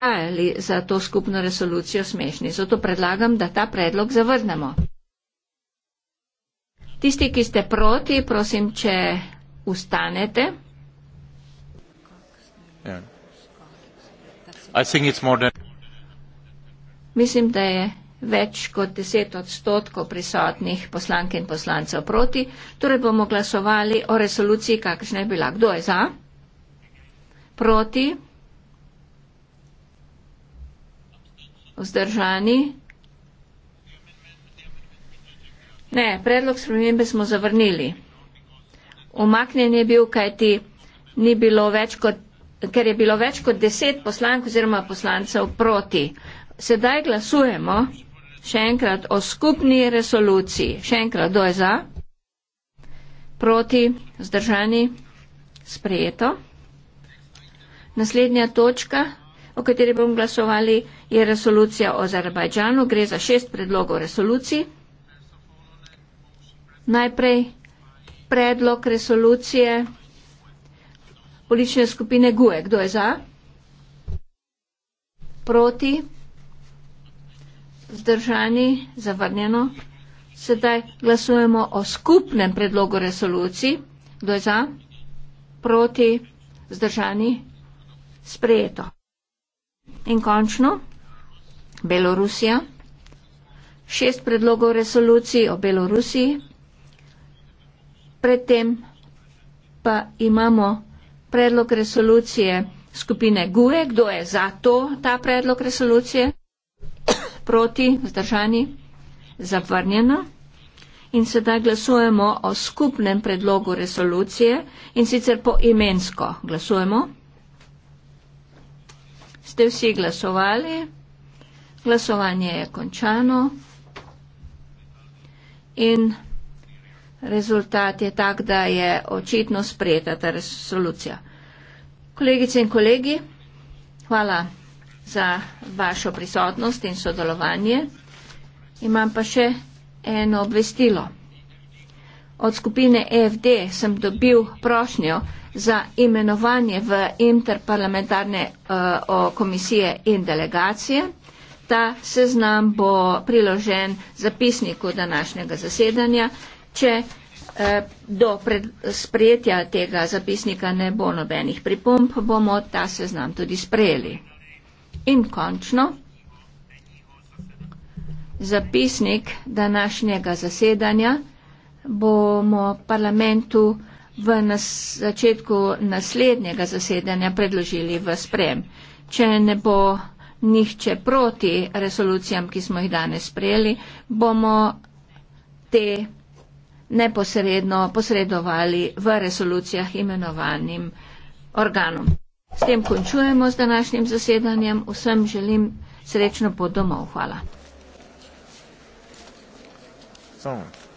ali za to skupno resolucijo smešni. Zato predlagam, da ta predlog zavrnemo. Tisti, ki ste proti, prosim, če ustanete. Yeah. Than... Mislim, da je več kot deset odstotkov prisotnih poslank in poslancev proti. Torej bomo glasovali o resoluciji, kakšna je bila. Kdo je za? Proti? vzdržani. Ne, predlog spremembe smo zavrnili. Umaknjen je bil, kajti ni bilo več kot, ker je bilo več kot deset poslank oziroma poslancev proti. Sedaj glasujemo še enkrat o skupni resoluciji. Še enkrat, kdo je za? Proti, zdržani, sprejeto. Naslednja točka o kateri bomo glasovali, je resolucija o Azerbajdžanu. Gre za šest predlogov resolucij. Najprej predlog resolucije politične skupine GUE. Kdo je za? Proti? Zdržani? Zavrnjeno? Sedaj glasujemo o skupnem predlogu resolucij. Kdo je za? Proti? Zdržani? Sprejeto. In končno, Belorusija. Šest predlogov resolucij o Belorusiji. Predtem pa imamo predlog resolucije skupine GUE. Kdo je za to, ta predlog resolucije? Proti, zdržani, zavrnjeno. In sedaj glasujemo o skupnem predlogu resolucije in sicer poimensko glasujemo ste vsi glasovali. Glasovanje je končano. In rezultat je tak, da je očitno sprejeta ta resolucija. Kolegice in kolegi, hvala za vašo prisotnost in sodelovanje. Imam pa še eno obvestilo od skupine EFD sem dobil prošnjo za imenovanje v interparlamentarne uh, komisije in delegacije. Ta seznam bo priložen zapisniku današnjega zasedanja. Če uh, do pred, sprejetja tega zapisnika ne bo nobenih pripomp, bomo ta seznam tudi sprejeli. In končno, zapisnik današnjega zasedanja bomo parlamentu v nas, začetku naslednjega zasedanja predložili v sprem. Če ne bo nihče proti resolucijam, ki smo jih danes sprejeli, bomo te neposredno posredovali v resolucijah imenovanim organom. S tem končujemo z današnjim zasedanjem. Vsem želim srečno pot domov. Hvala. 送。So.